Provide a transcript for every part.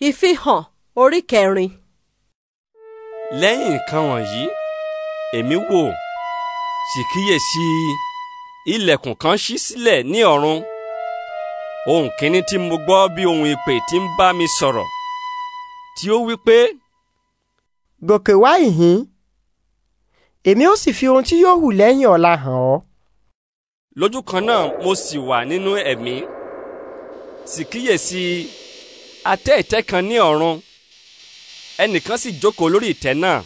ìfihàn orí kẹrin. lẹ́yìn nǹkan wọ̀nyí èmi wò sì kíyèsí ilẹ̀kùn kan ṣí sílẹ̀ ní ọ̀run ohùn kìíní tí mo gbọ́ bí ohùn ìpè tí ń bá mi sọ̀rọ̀ tí ó wí pé. gòkè wá ìhín èmi ó sì fi ohun tí yóò hù lẹ́yìn ọ̀la hàn ọ́. lójú kan náà mo sì wà nínú ẹ̀mí sì kíyèsí. Si atẹ́ ìtẹ́ kan ní ọ̀run ẹnìkan sì jókòó lórí ìtẹ́ náà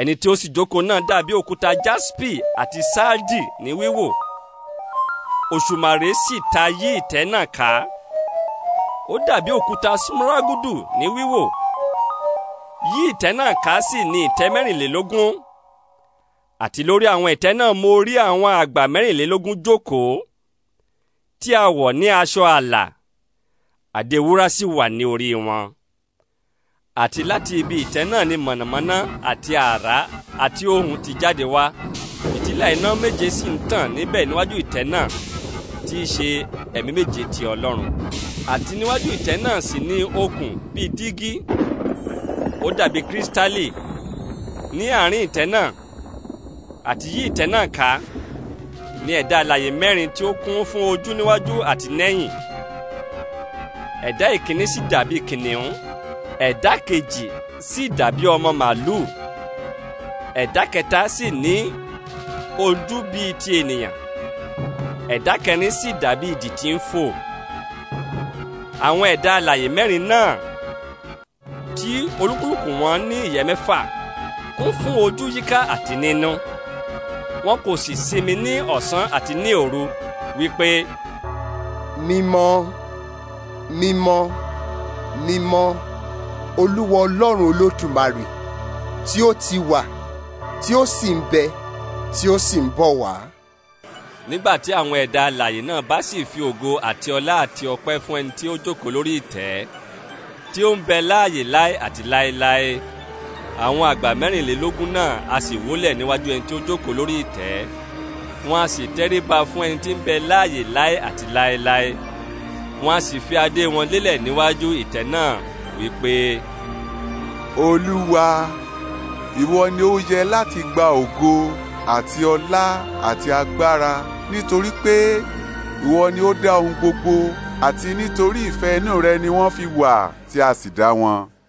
ẹni tí ó sì jókòó náà dàbí òkúta jaspi àti sardi ní wíwò òṣùmàrè sì ta yí ìtẹ́ náà ká ó dàbí òkúta smaragdu ní wíwò yí ìtẹ́ náà ká sì ní ìtẹ́ mẹ́rìnlélógún àti lórí àwọn ìtẹ́ náà mo rí àwọn àgbà mẹ́rìnlélógún jókòó tí a wọ̀ ní aṣọ àlà àdé wúrà sì wà ní orí wọn àti láti ibi ìtẹ́ náà ni mọ̀nàmọ́ná àti àrá àti ohùn ti jáde wá fìtílà iná méje sì ń tàn níbẹ̀ níwájú ìtẹ́ náà tí í ṣe ẹ̀mí méje ti Ọlọ́run àti níwájú ìtẹ́ náà sì ní okùn bíi dígí ó dàbí kírísítálì ní àárín ìtẹ́ náà àti yí ìtẹ́ náà ká ní ẹ̀dá alààyè mẹ́rin tí ó kún fún ojú níwájú àti lẹ́yìn ẹ̀dá ìkíní sì dàbí kìnìún ẹ̀dá kejì sì dàbí ọmọ màlúù ẹ̀dá kẹta sì ní ojú bíi ti ènìyàn ẹ̀dá kẹrin sì dàbí idì tí ń fò àwọn ẹ̀dá alàyè mẹ́rin náà tí olúkúlùkù wọn ní ìyẹ́ mẹ́fà kún fún ojú yíká àti nínú wọn kò sì sinmi ní ọ̀sán àti ní òru wípé. mímọ́ mímọ́ mímọ́ olúwa ọlọ́run olódùmarè tí ó ti wà tí ó sì ń bẹ tí ó sì ń bọ̀ wá. nígbà tí àwọn ẹ̀dá alààyè náà bá sì fi ògo àti ọlá àti ọpẹ́ fún ẹni tí ó jókòó lórí ìtẹ́ tí ó ń bẹ láàyè láé àti láéláé àwọn àgbà mẹ́rìnlélógún náà a sì wólẹ̀ níwájú ẹni tí ó jókòó lórí ìtẹ́ wọn a sì tẹríba fún ẹni tí ń bẹ láàyè láé àti láéláé. Láé wọ́n á sì fi adé wọn lélẹ̀ níwájú ìtẹ́ náà wípé. olúwa ìwọ ni ó yẹ láti gba ògo àti ọlá àti agbára nítorí pé ìwọ ni ó dá ohun gbogbo àti nítorí ìfẹ́ inú rẹ ni wọ́n fi wà tí a sì dá wọn.